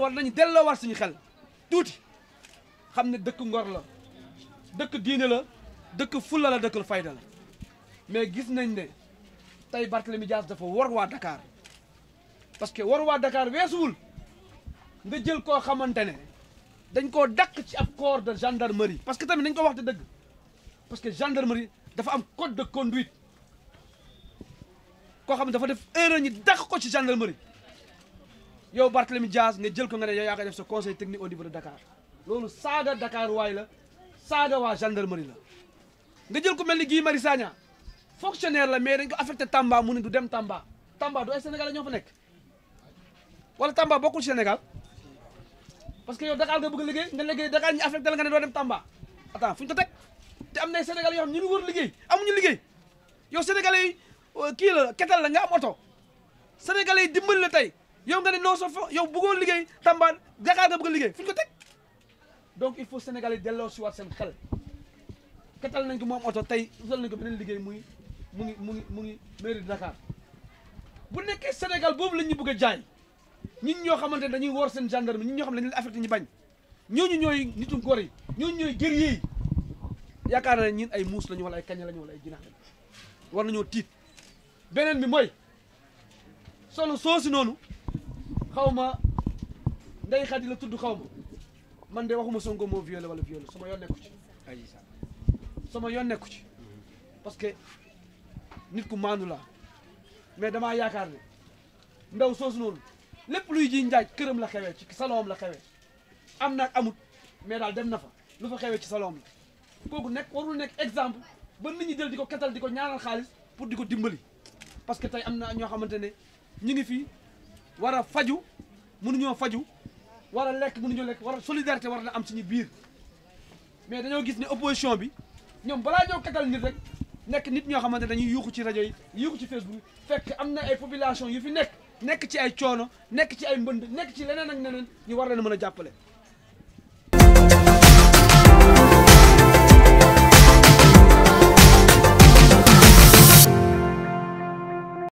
war nañu delloo war suñu xel tuuti xam ne dëkk ngor la dëkk diine la dëkk fulla la dëkk fayda la mais gis nañ ne tey Barthélemy Dias dafa war waa Dakar parce que war waa Dakar weesuwul nga jël koo xamante ne dañ koo dàq ci ab corps de gendarmerie parce que tamit dañ ko wax te dëgg parce que gendarmerie dafa am code de conduite koo xam ne dafa def erreur ñi dàq ko ci gendarmerie yow Barthélemy Diaz nga jël ko nga ne yow yaa koy def sa conseil technique au niveau de Dakar saaga Dakar waay la saaga waa gendarmerie la nga jël ko mel ni Guy Marius Sagna fonctionnaire la mais dañ affect Tamba mu ne du dem Tamba Tamba du ay Sénégal la ñoo fa nekk wala Tamba bokkul senegal parce que yow Dakar nga bëgg liggéey nga liggéey Dakar ñu affecté la nga ne doo dem Tamba attends fu ñu ko teg te am na ay Sénégal yoo xam ñu ngi wër liggéey amuñu liggéey yow sénégalais yi euh, kii la ketal la nga am oto sénégalais yi dimbali la tey yow nga ne non sa fo yow bëggoo liggéey Tamba Dakar nga bëgg a liggéey fu ñu ko teg donc il faut Sénégalais delloo si waat seen xel ketal nañ ko moom oto tey utal nañ ko beneen liggéey mu ngi mu ngi mu ngi mairie de bu nekkee Sénégal boobu lañ ñu bëgg a jaay ñun ñoo xamante ne dañuy seen seen gendarme ñun ñoo xam ne dañu leen affecté ñu bañ ñooñu ñooy nitu góor yi ñooñu ñooy guerrier yi yaakaar naa ne ay muus lañu wala ay kaña lañu wala ay jinax lañu war nañoo tiit beneen bi mooy solo soosi noonu xaw ma Ndeye Khady la tudd xaw ma man de waxuma Sonko moo violé wala violé sama yoon nekku ci sama yoon nekku ci parce que nit ku maandu la mais damaa yaakaar ne ndaw soosu noonu lépp luy ji njaaj këram la xewee ci salon la xewee am naa amut mais daal dem na fa lu fa xewee ci salon la kooku nekk warul nekk exemple ba nit ñi jël di ko ketal di ko ñaanal xaalis pour di ko dimbali parce que tey am na ñoo xamante ne ñu ngi fii war a faju mënuñoo faju war a lekk mënuñoo lekk war a solidarité war na am suñu biir mais dañoo gis ne opposition bi ñoom balaa ñoo katal nit rek nekk nit ñoo xamante dañuy yuuxu ci rajo yi yuuxu ci Facebook fekk am na ay population yu fi nekk nekk ci ay coono nekk ci ay mbënd nekk ci leneen ak neneen ñu war leen mën a jàppale